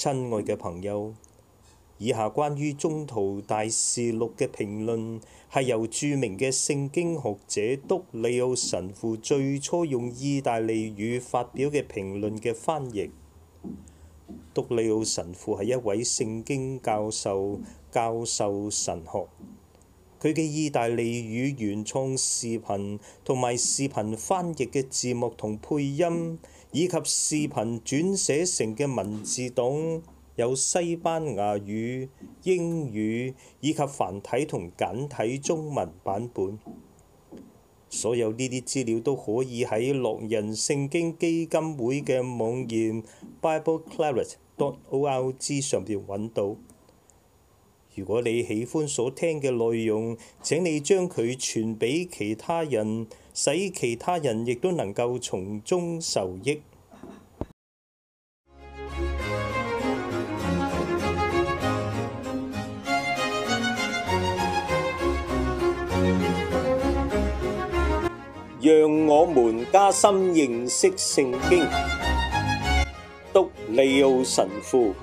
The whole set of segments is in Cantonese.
親愛嘅朋友，以下關於《宗徒大事錄》嘅評論係由著名嘅聖經學者督利奧神父最初用意大利語發表嘅評論嘅翻譯。督利奧神父係一位聖經教授、教授神學，佢嘅意大利語原創視頻同埋視頻翻譯嘅字幕同配音，以及視頻轉寫成嘅文字檔，有西班牙語、英語以及繁體同簡體中文版本。所有呢啲資料都可以喺樂仁聖經基金會嘅網頁 bibleclaret.org 上邊揾到。如果你喜歡所聽嘅內容，請你將佢傳俾其他人，使其他人亦都能夠從中受益。 讓我們加深認識聖經。督利奧神父。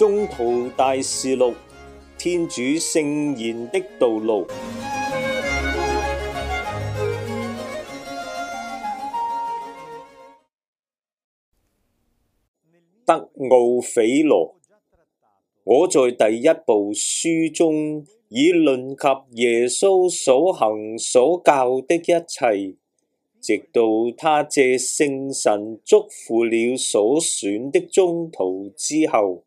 宗徒大事錄，天主聖言的道路。德奧斐羅，我在第一部書中已論及耶穌所行所教的一切，直到他借聖神祝福了所選的宗徒之後。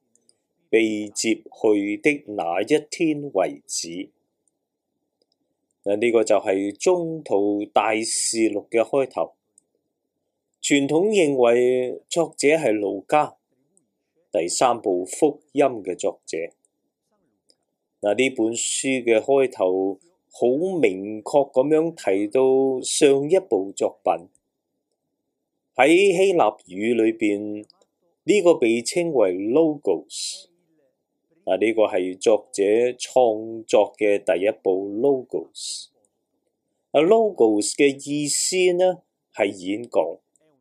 被接去的那一天為止，嗱、這、呢個就係宗徒大事錄嘅開頭。傳統認為作者係路加，第三部福音嘅作者。嗱，呢本書嘅開頭好明確咁樣提到上一部作品喺希臘語裏邊呢、這個被稱為 Logos。啊！呢個係作者創作嘅第一部《Logos》。啊，《Logos》嘅意思呢係演講。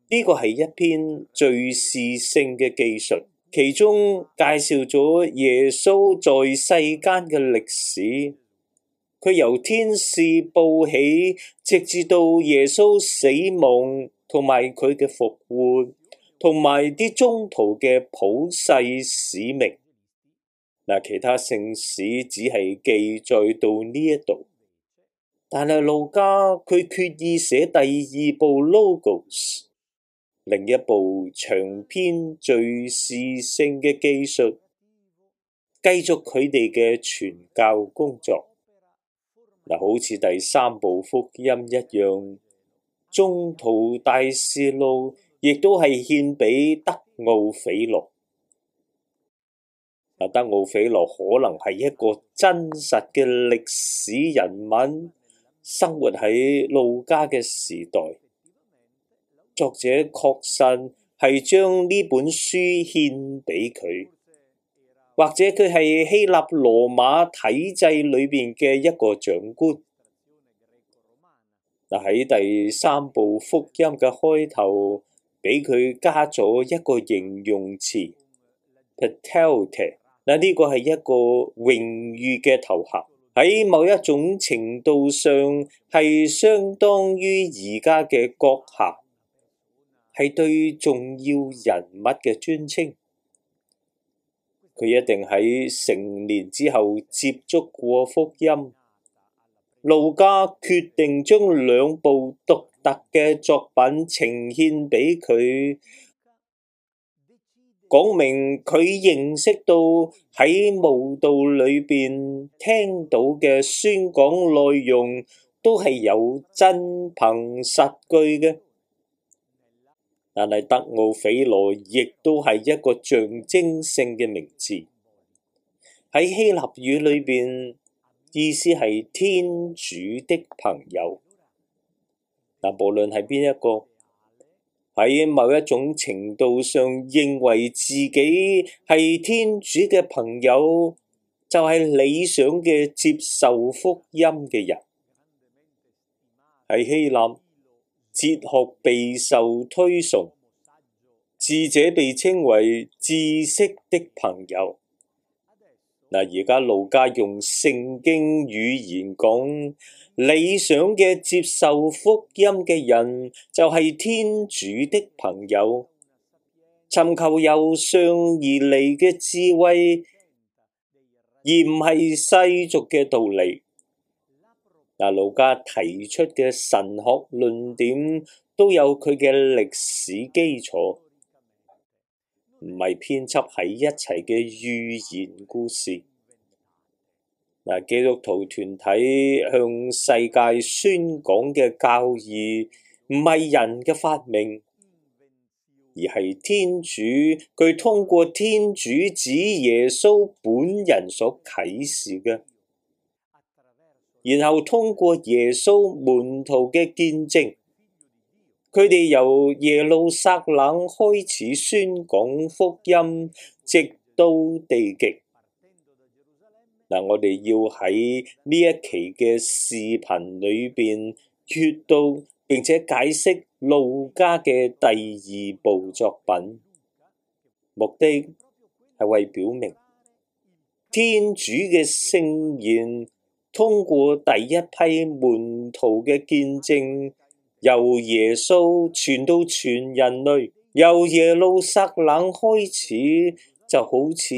呢個係一篇敘事性嘅記述，其中介紹咗耶穌在世間嘅歷史。佢由天使報喜，直至到耶穌死亡同埋佢嘅復活，同埋啲中途嘅普世使命。嗱，其他聖史只係記載到呢一度，但係路加佢決意寫第二部 Logos，另一部長篇敍事性嘅記述，繼續佢哋嘅傳教工作。嗱，好似第三部福音一樣，宗徒大事錄亦都係獻俾德奧斐洛。德奧斐羅可能係一個真實嘅歷史人物，生活喺路加嘅時代。作者確信係將呢本書獻俾佢，或者佢係希臘羅馬體制裏邊嘅一個長官。嗱，喺第三部福音嘅開頭，俾佢加咗一個形容詞 Petelte 嗱，呢個係一個榮譽嘅頭銜，喺某一種程度上係相當於而家嘅閣下，係對重要人物嘅尊稱。佢一定喺成年之後接觸過福音。路加決定將兩部獨特嘅作品呈獻俾佢。講明佢認識到喺慕道裏邊聽到嘅宣講內容都係有真憑實據嘅，但係德奧斐羅亦都係一個象徵性嘅名字，喺希臘語裏邊意思係天主的朋友。但無論係邊一個。喺某一種程度上，認為自己係天主嘅朋友，就係理想嘅接受福音嘅人。喺希臘，哲學備受推崇，智者被稱為知識的朋友。嗱，而家路加用聖經語言講，理想嘅接受福音嘅人就係天主的朋友，尋求由上而嚟嘅智慧，而唔係世俗嘅道理。嗱，路加提出嘅神學論點都有佢嘅歷史基礎。唔係編輯喺一齊嘅寓言故事。嗱，基督徒團體向世界宣講嘅教義，唔係人嘅發明，而係天主佢通過天主子耶穌本人所啟示嘅，然後通過耶穌門徒嘅見證。佢哋由耶路撒冷開始宣講福音，直到地極。嗱，我哋要喺呢一期嘅視頻裏邊，閱讀，並且解釋路加嘅第二部作品，目的係為表明天主嘅聖言通過第一批門徒嘅見證。由耶穌傳到全人類，由耶路撒冷開始，就好似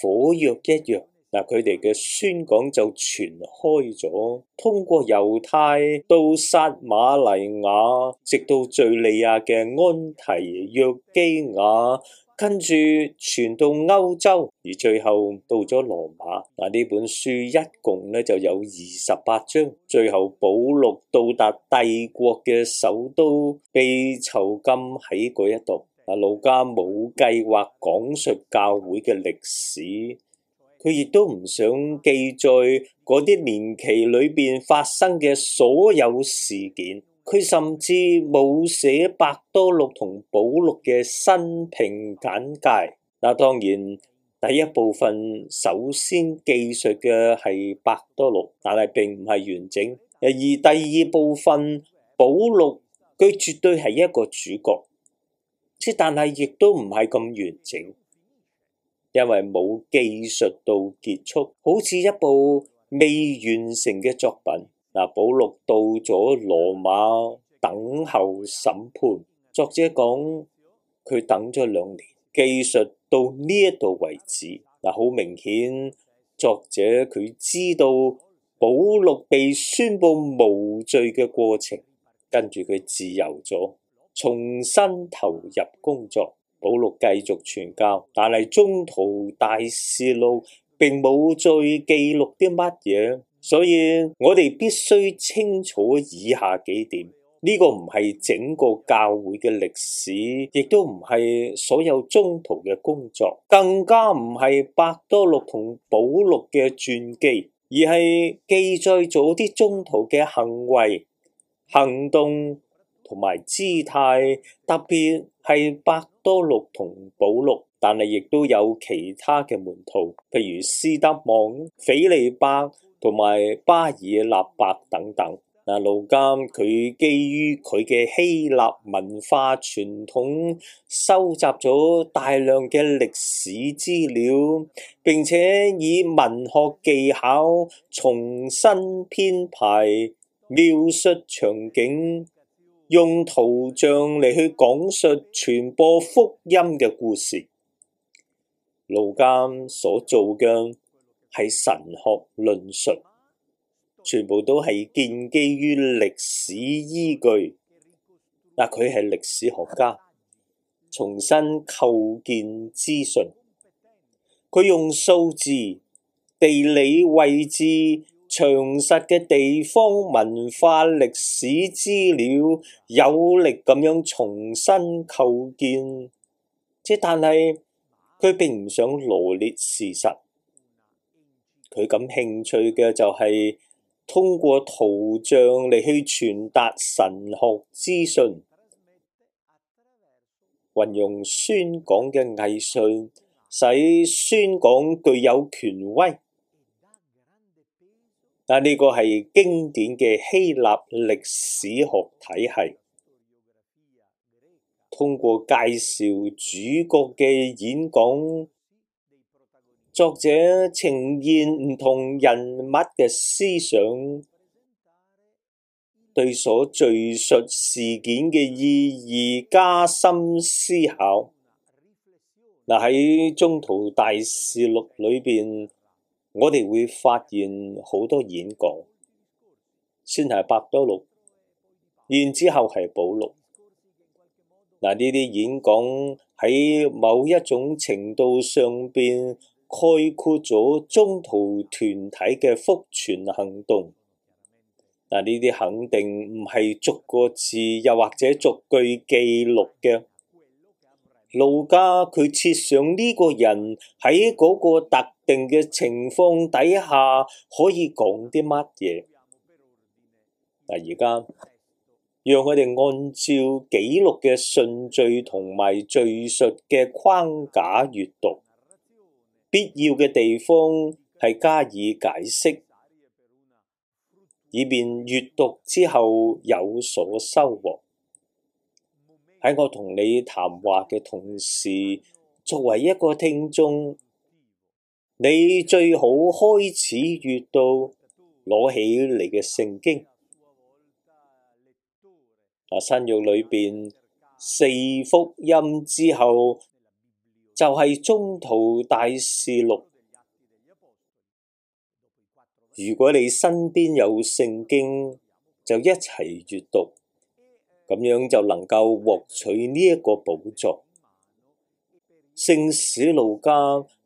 火藥一樣。嗱，佢哋嘅宣講就傳開咗，通過猶太到撒瑪黎雅，直到敍利亞嘅安提約基亞。跟住傳到歐洲，而最後到咗羅馬。嗱、啊，呢本書一共咧就有二十八章。最後保祿到達帝國嘅首都，被囚禁喺嗰一度。啊，盧加冇計劃講述教會嘅歷史，佢亦都唔想記載嗰啲年期裏邊發生嘅所有事件。佢甚至冇寫伯多祿同保祿嘅生平簡介。那當然第一部分首先記述嘅係伯多祿，但係並唔係完整。而第二部分保祿，佢絕對係一個主角，即但係亦都唔係咁完整，因為冇記述到結束，好似一部未完成嘅作品。嗱，保禄到咗羅馬，等候審判。作者講佢等咗兩年，記述到呢一度為止。嗱，好明顯，作者佢知道保禄被宣布無罪嘅過程，跟住佢自由咗，重新投入工作。保禄繼續傳教，但係中途大事錄並冇再記錄啲乜嘢。所以我哋必須清楚以下幾點：呢、這個唔係整個教會嘅歷史，亦都唔係所有宗徒嘅工作，更加唔係伯多祿同保祿嘅傳記，而係記載咗啲宗徒嘅行為、行動同埋姿態。特別係伯多祿同保祿，但係亦都有其他嘅門徒，譬如斯德望、斐理伯。同埋巴爾納伯等等，嗱，路監佢基於佢嘅希臘文化傳統，收集咗大量嘅歷史資料，並且以文學技巧重新編排、描述場景，用圖像嚟去講述、傳播福音嘅故事。路監所做嘅，係神學論述，全部都係建基於歷史依據。嗱、呃，佢係歷史學家，重新構建資訊。佢用數字、地理位置、詳實嘅地方文化歷史資料，有力咁樣重新構建。即但係佢並唔想羅列事實。佢感興趣嘅就係、是、通過圖像嚟去傳達神學資訊，運用宣講嘅藝術使宣講具有權威。嗱、啊，呢、這個係經典嘅希臘歷史學體系，通過介紹主角嘅演講。作者呈現唔同人物嘅思想，對所敍述事件嘅意義加深思考。嗱，喺宗徒大事錄裏邊，我哋會發現好多演講，先係伯多祿，然之後係保祿。嗱，呢啲演講喺某一種程度上邊。概括咗中途團體嘅復存行動，嗱呢啲肯定唔係逐個字又或者逐句記錄嘅。路加佢設想呢個人喺嗰個特定嘅情況底下可以講啲乜嘢？嗱而家，讓我哋按照記錄嘅順序同埋敘述嘅框架閱讀。必要嘅地方係加以解釋，以便閲讀之後有所收穫。喺我同你談話嘅同時，作為一個聽眾，你最好開始閱讀，攞起你嘅聖經啊，新約裏邊四福音之後。就係宗徒大事錄。如果你身邊有聖經，就一齊閲讀，咁樣就能夠獲取呢一個寶藏。聖史路加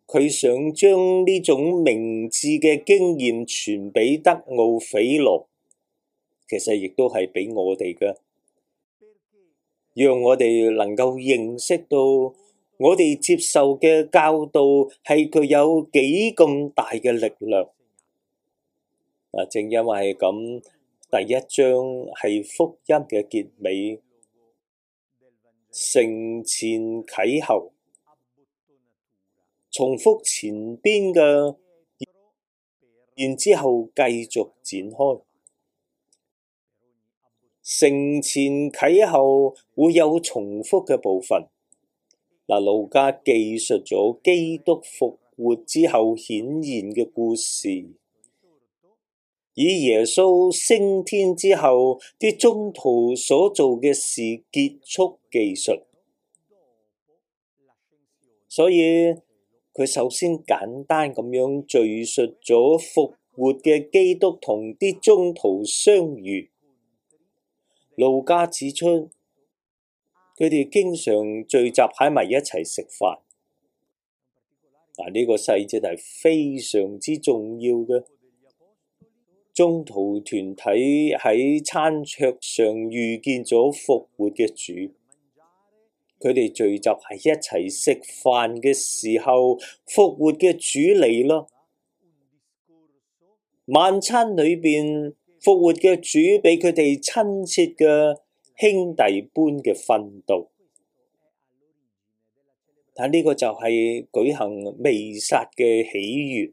佢想將呢種明智嘅經驗傳俾德奧斐洛，其實亦都係俾我哋嘅，讓我哋能夠認識到。我哋接受嘅教導係佢有幾咁大嘅力量啊！正因為係咁，第一章係福音嘅結尾，承前啟後，重複前邊嘅，然之後繼續展開。承前啟後會有重複嘅部分。嗱，路加記述咗基督復活之後顯現嘅故事，以耶穌升天之後啲宗徒所做嘅事結束記述。所以佢首先簡單咁樣敘述咗復活嘅基督同啲宗徒相遇。路加指出。佢哋經常聚集喺埋一齊食飯，嗱、啊、呢、呢個細節係非常之重要嘅。中途團體喺餐桌上遇見咗復活嘅主，佢哋聚集喺一齊食飯嘅時候，復活嘅主嚟咯。晚餐裏邊，復活嘅主俾佢哋親切嘅。兄弟般嘅奮鬥，但呢個就係舉行未殺嘅喜悅。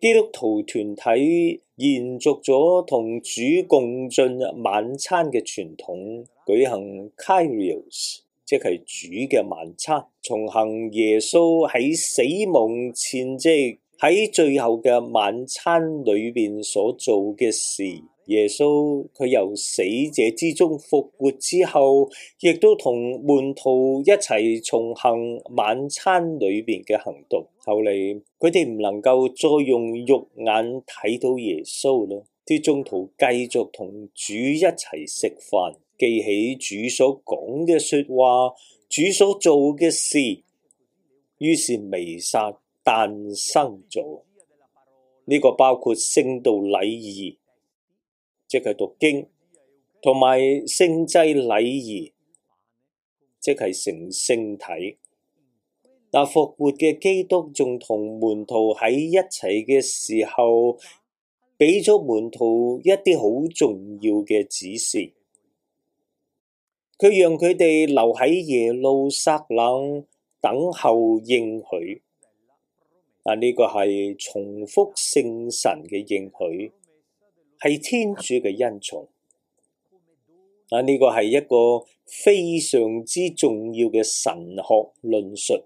基督徒團體延續咗同主共進晚餐嘅傳統，舉行 Kyrios，即係主嘅晚餐，重行耶穌喺死亡前夕，喺最後嘅晚餐裏邊所做嘅事。耶穌佢由死者之中復活之後，亦都同門徒一齊重行晚餐裏邊嘅行動。後嚟佢哋唔能夠再用肉眼睇到耶穌咯，啲宗徒繼續同主一齊食飯，記起主所講嘅説話，主所做嘅事，於是彌撒誕生咗。呢、這個包括聖道禮儀。即係讀經，同埋聖祭禮儀，即係成聖體。但，復活嘅基督仲同門徒喺一齊嘅時候，俾咗門徒一啲好重要嘅指示。佢讓佢哋留喺耶路撒冷等候應許。但，呢個係重複聖神嘅應許。係天主嘅恩寵啊！呢個係一個非常之重要嘅神學論述。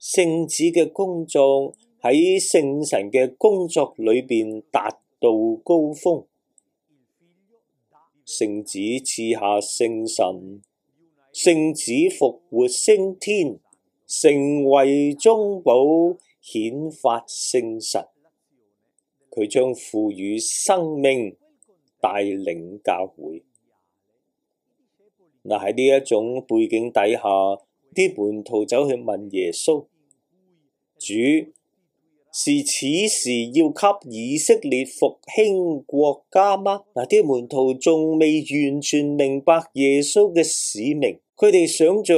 聖子嘅工作喺聖神嘅工作裏邊達到高峰。聖子賜下聖神，聖子復活升天，成為中保，顯發聖神。佢將賦予生命帶領教會。嗱，喺呢一種背景底下，啲門徒走去問耶穌：主是此時要給以色列復興國家嗎？嗱，啲門徒仲未完全明白耶穌嘅使命，佢哋想象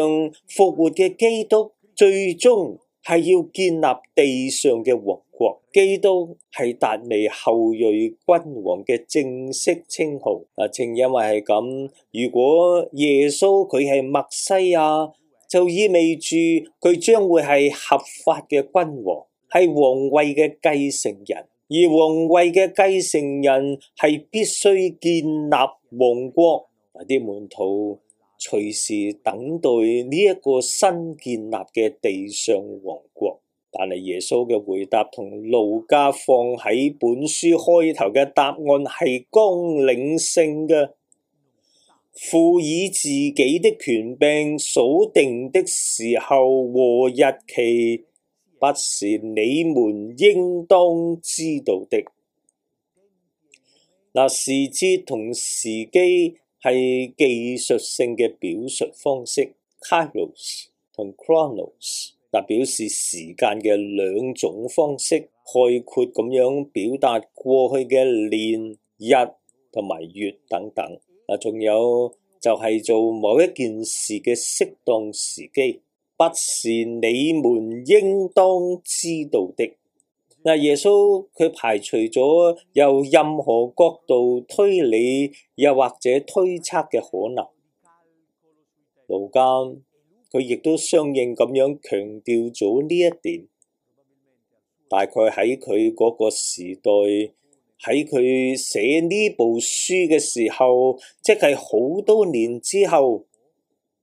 復活嘅基督最終。係要建立地上嘅王國，基督係達味後裔君王嘅正式稱號。啊，正因為係咁，如果耶穌佢係默西亞，就意味住佢將會係合法嘅君王，係王位嘅繼承人。而王位嘅繼承人係必須建立王國。啊，啲門徒。隨時等待呢一個新建立嘅地上王國，但係耶穌嘅回答同路加放喺本書開頭嘅答案係綱領性嘅，父以自己的權柄所定的時候和日期，不是你們應當知道的。嗱，時節同時機。係技術性嘅表述方式 Kairos 同 chronos，嗱，表示時間嘅兩種方式，概括咁樣表達過去嘅年、日同埋月等等。嗱，仲有就係、是、做某一件事嘅適當時機，不是你們應當知道的。嗱，耶穌佢排除咗由任何角度推理又或者推測嘅可能，路加佢亦都相應咁樣強調咗呢一點。大概喺佢嗰個時代，喺佢寫呢部書嘅時候，即係好多年之後，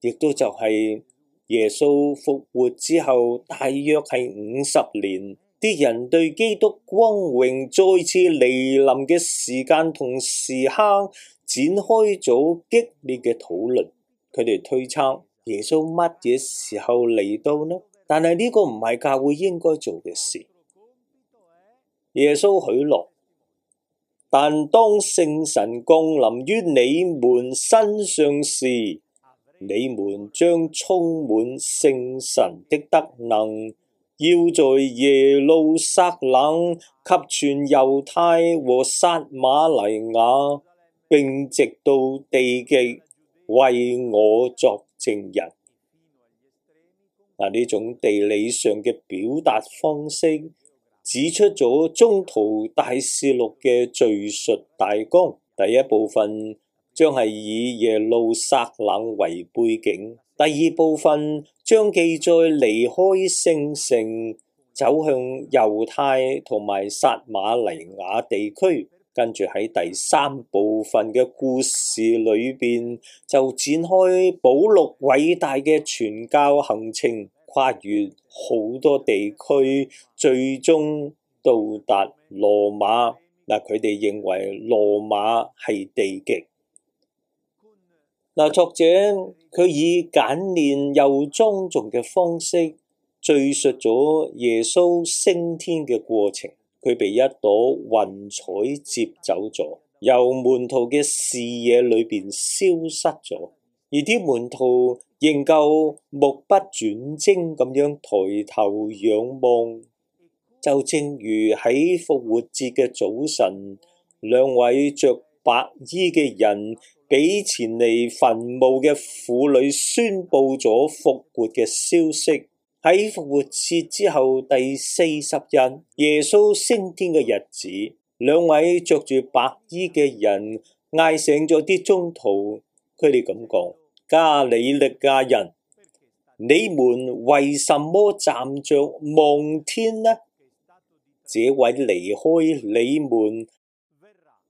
亦都就係耶穌復活之後，大約係五十年。啲人對基督光榮再次來臨嘅時間同時刻展開咗激烈嘅討論，佢哋推測耶穌乜嘢時候嚟到呢？但係呢個唔係教會應該做嘅事。耶穌許諾，但當聖神降臨於你們身上時，你們將充滿聖神的德能。要在耶路撒冷及全猶太和撒瑪黎雅並直到地極為我作證人。嗱，呢種地理上嘅表達方式，指出咗宗徒大事錄嘅敘述大綱。第一部分將係以耶路撒冷為背景。第二部分將記載離開聖城，走向猶太同埋撒馬黎雅地區，跟住喺第三部分嘅故事裏邊就展開保祿偉大嘅傳教行程，跨越好多地區，最終到達羅馬。嗱，佢哋認為羅馬係地極。嗱，作者佢以簡練又莊重嘅方式敘述咗耶穌升天嘅過程，佢被一朵雲彩接走咗，由門徒嘅視野裏邊消失咗，而啲門徒仍舊目不轉睛咁樣抬頭仰望，就正如喺復活節嘅早晨，兩位着白衣嘅人。俾前嚟墳墓嘅婦女宣布咗復活嘅消息。喺復活節之後第四十日，耶穌升天嘅日子，兩位着住白衣嘅人嗌醒咗啲宗徒。佢哋咁講：加里力亞人，你們為什麼站着望天呢？這位離開你們。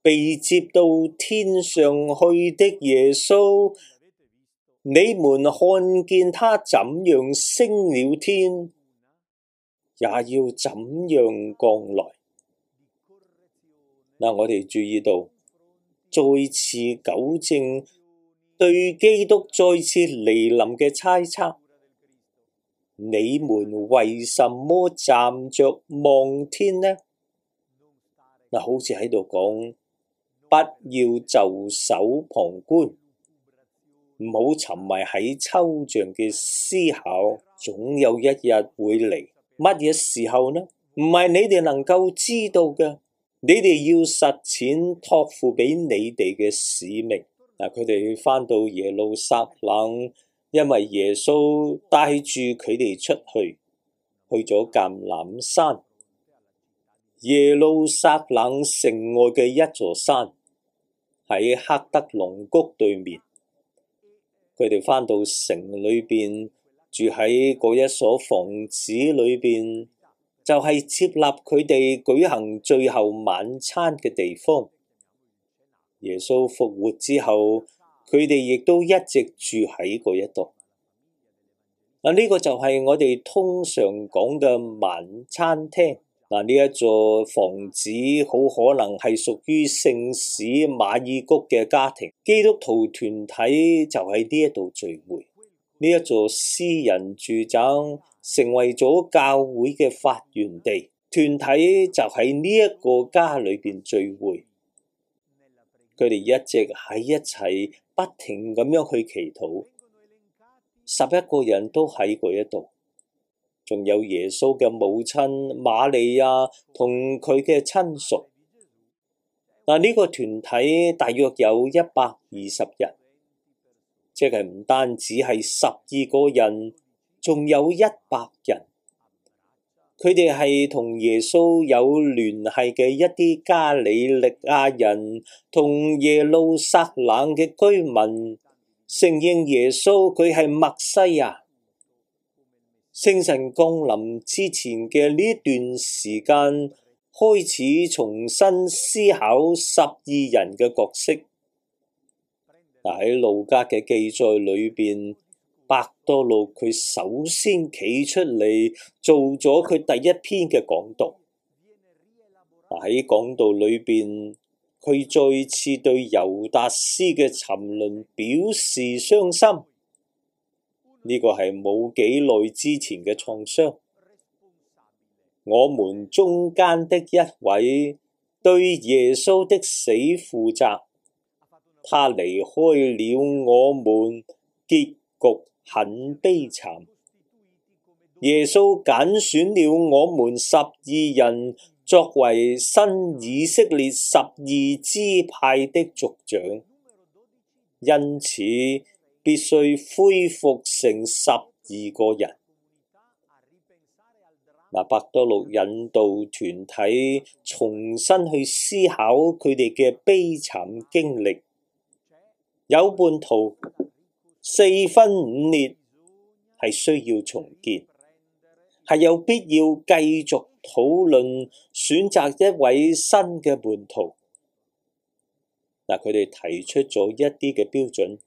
被接到天上去的耶穌，你們看見他怎樣升了天，也要怎樣降來。嗱、啊，我哋注意到再次糾正對基督再次嚟臨嘅猜測。你們為什麼站着望天呢？嗱、啊，好似喺度講。不要袖手旁觀，唔好沉迷喺抽象嘅思考，總有一日會嚟。乜嘢時候呢？唔係你哋能夠知道嘅。你哋要實踐託付俾你哋嘅使命。嗱，佢哋返到耶路撒冷，因為耶穌帶住佢哋出去，去咗橄欖山，耶路撒冷城外嘅一座山。喺黑德龍谷對面，佢哋返到城裏邊，住喺嗰一所房子裏邊，就係接納佢哋舉行最後晚餐嘅地方。耶穌復活之後，佢哋亦都一直住喺嗰一度。啊，呢個就係我哋通常講嘅晚餐廳。嗱，呢一座房子好可能係屬於聖史馬爾谷嘅家庭，基督徒團體就喺呢一度聚會。呢一座私人住宅成為咗教會嘅發源地，團體就喺呢一個家裏邊聚會。佢哋一直喺一齊，不停咁樣去祈禱，十一個人都喺埋一度。仲有耶穌嘅母親瑪利亞同佢嘅親屬。嗱，呢個團體大約有一百二十人，即係唔單止係十二個人，仲有一百人。佢哋係同耶穌有聯繫嘅一啲加里力亞人，同耶路撒冷嘅居民，承認耶穌佢係默西亞。聖神降臨之前嘅呢段時間，開始重新思考十二人嘅角色。但喺路加嘅記載裏邊，伯多禄佢首先企出嚟做咗佢第一篇嘅講道。喺講道裏邊，佢再次對猶達斯嘅沉淪表示傷心。呢個係冇幾耐之前嘅創傷。我們中間的一位對耶穌的死負責，他離開了我們，結局很悲慘。耶穌揀選了我們十二人作為新以色列十二支派的族長，因此，必須恢復成十二個人。嗱，伯多祿引導團體重新去思考佢哋嘅悲慘經歷。有叛徒四分五裂，係需要重建，係有必要繼續討論，選擇一位新嘅叛徒。嗱，佢哋提出咗一啲嘅標準。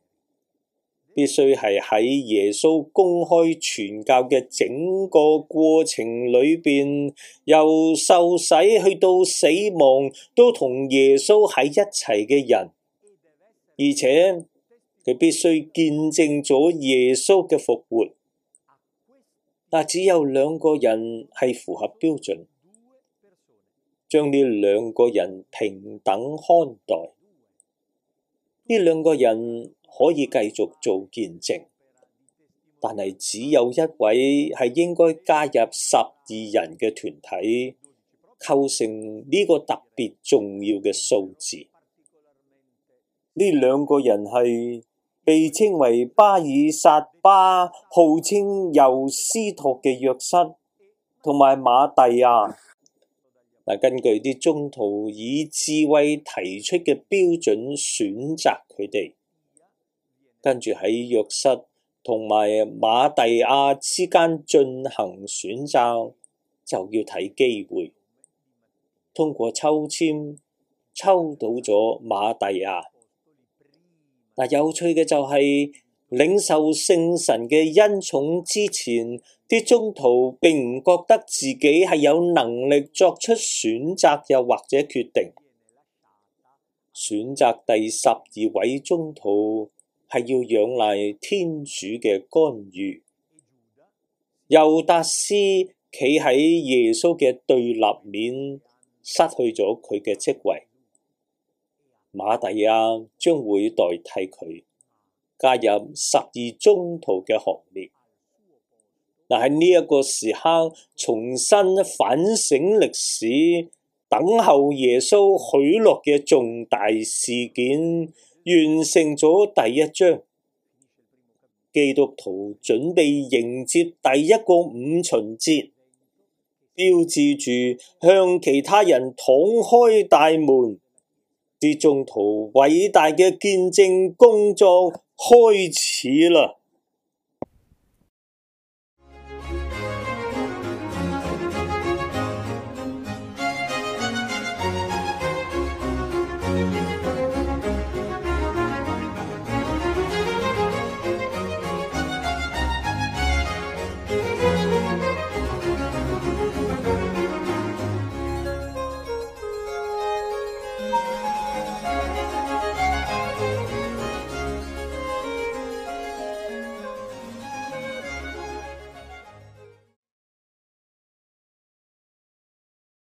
必須係喺耶穌公開傳教嘅整個過程裏面，由受洗去到死亡，都同耶穌喺一齊嘅人，而且佢必須見證咗耶穌嘅復活。嗱，只有兩個人係符合標準，將呢兩個人平等看待。呢兩個人。可以繼續做見證，但係只有一位係應該加入十二人嘅團體，構成呢個特別重要嘅數字。呢兩個人係被稱為巴爾撒巴，號稱尤斯托嘅約瑟，同埋馬蒂亞。嗱，根據啲宗徒以智慧提出嘅標準選擇，選擇佢哋。跟住喺約瑟同埋馬蒂亞之間進行選擇，就要睇機會。通過抽籤抽到咗馬蒂亞，嗱，有趣嘅就係、是、領受聖神嘅恩寵之前，啲宗徒並唔覺得自己係有能力作出選擇又或者決定選擇第十二位宗徒。係要仰賴天主嘅干預。猶達斯企喺耶穌嘅對立面，失去咗佢嘅職位。馬弟亞將會代替佢加入十二宗徒嘅行列。但喺呢一個時刻，重新反省歷史，等候耶穌許諾嘅重大事件。完成咗第一章，基督徒準備迎接第一個五旬節，標誌住向其他人捅開大門，宗徒偉大嘅見證工作開始啦。